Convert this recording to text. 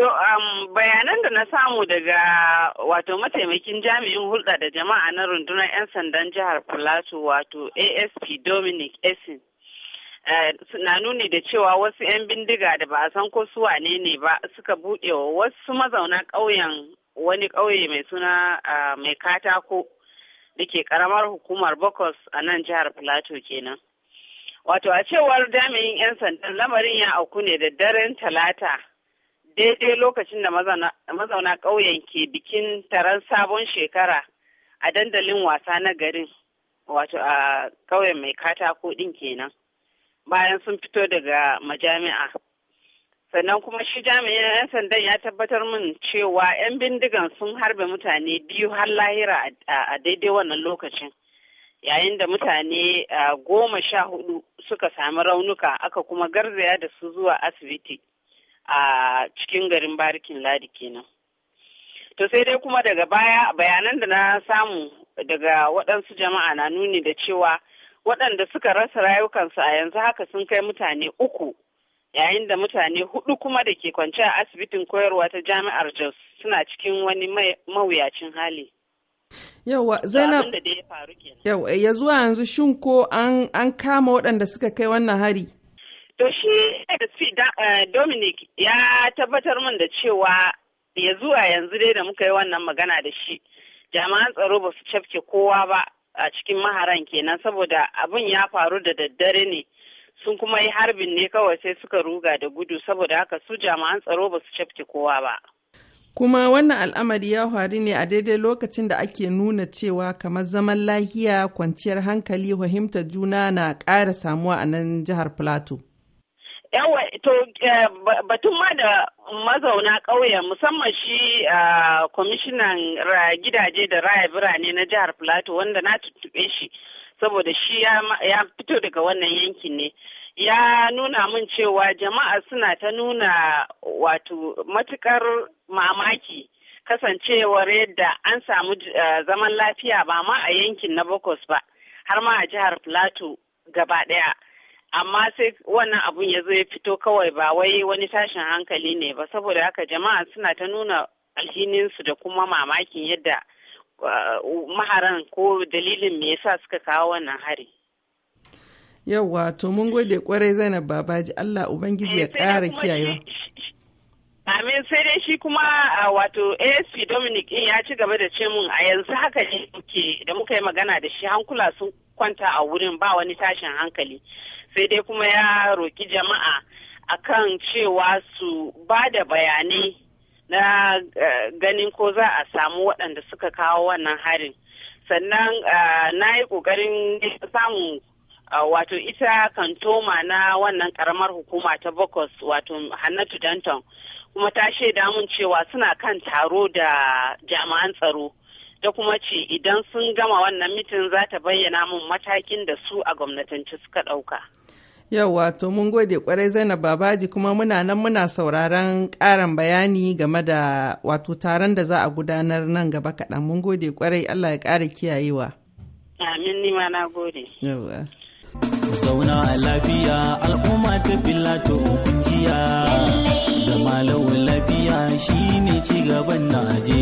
To um, bayanan da na samu daga wato mataimakin jami'in hulɗa da jama'a na rundunar 'yan sandan jihar Plateau wato ASP Dominic Essin. Uh, eh, na nuni da cewa wasu 'yan bindiga da ba a san ko su wane ne ba suka buɗe wa wasu mazauna ƙauyen wani ƙauye mai suna uh, mai katako da ke ƙaramar hukumar Bokos a nan jihar Plateau kenan. Wato a cewar jami'in 'yan sandan lamarin ya auku ne da daren talata daidai lokacin da mazauna ƙauyen ke bikin taron sabon shekara a dandalin wasa na garin wato a ƙauyen mai katako ɗin kenan bayan sun fito daga majami'a sannan kuma shi jami'in 'yan sandan ya tabbatar min cewa 'yan bindigan sun harbe mutane biyu har lahira a daidai wannan lokacin yayin da mutane goma sha hudu suka sami raunuka aka kuma garzaya da su zuwa asibiti a cikin garin barikin ladi kenan to sai dai kuma daga baya bayanan da na samu daga waɗansu jama'a na nuni da cewa waɗanda suka rasa rayukansu a yanzu haka sun kai mutane uku yayin da mutane hudu kuma da ke kwance a asibitin koyarwa ta jami'ar jos suna cikin wani mawuyacin hali zainab zuwa yanzu shin ko an kama waɗanda suka kai wannan hari To shi eh, Dominic ya tabbatar min da cewa ya zuwa yanzu dai da muka yi wannan magana da shi jami'an tsaro ba su cafke kowa ba a cikin maharan kenan saboda abin ya faru da daddare ne sun kuma yi harbin ne kawai sai suka ruga da gudu saboda haka su jami'an tsaro ba su cafke kowa ba. Kuma wannan al'amari ya faru ne a daidai lokacin da ake nuna cewa kamar zaman lahiya kwanciyar hankali fahimtar juna na ƙara samuwa a nan jihar Plateau. To eh, batun ma da mazauna ƙauye musamman shi ah, kwamishinan gidaje da raya birane na jihar Filato wanda na tuttuɓe shi saboda shi ya fito daga wannan yankin ne. Ya nuna min cewa jama'a suna ta nuna wato matukar mamaki kasancewar yadda an samu eh, zaman lafiya ba ma a yankin na Bokos ba har ma a jihar Filato gaba ɗaya. amma sai wannan abun ya zo ya fito kawai ba wai wani tashin hankali ne ba saboda haka jama'a suna ta nuna alhininsu da kuma mamakin yadda uh, maharan ko dalilin me yasa suka kawo wannan hari yauwa to mun gode kwarai zainab babaji allah ubangiji ya eh, ƙara kiyayewa Amin sai dai shi kuma wato ASP Dominic in ya ci gaba da ce mun a yanzu haka ne muke da muka yi magana da shi hankula sun kwanta a wurin ba wani tashin hankali. Sai dai kuma ya roki jama'a a kan cewa su ba da bayanai na ganin ko za a samu waɗanda suka kawo wannan harin. Sannan na yi ƙoƙarin samun wato ita kantoma na wannan ƙaramar hukuma ta Bokos wato Hannatu Danton. kuma ta shaida mun cewa suna kan taro da jami'an tsaro da kuma ce idan sun gama wannan mitin za ta bayyana mun matakin da su a gwamnatance suka ɗauka. Yawwa to mun gode kwarai Zainab Babaji kuma muna nan muna sauraron ƙarin bayani game da wato taron da za a gudanar nan gaba kaɗan mun gode kwarai Allah ya ƙara kiyayewa. Amin ni ma na gode. Yawwa. Zauna a lafiya al'umma ta billato kungiya. أجيب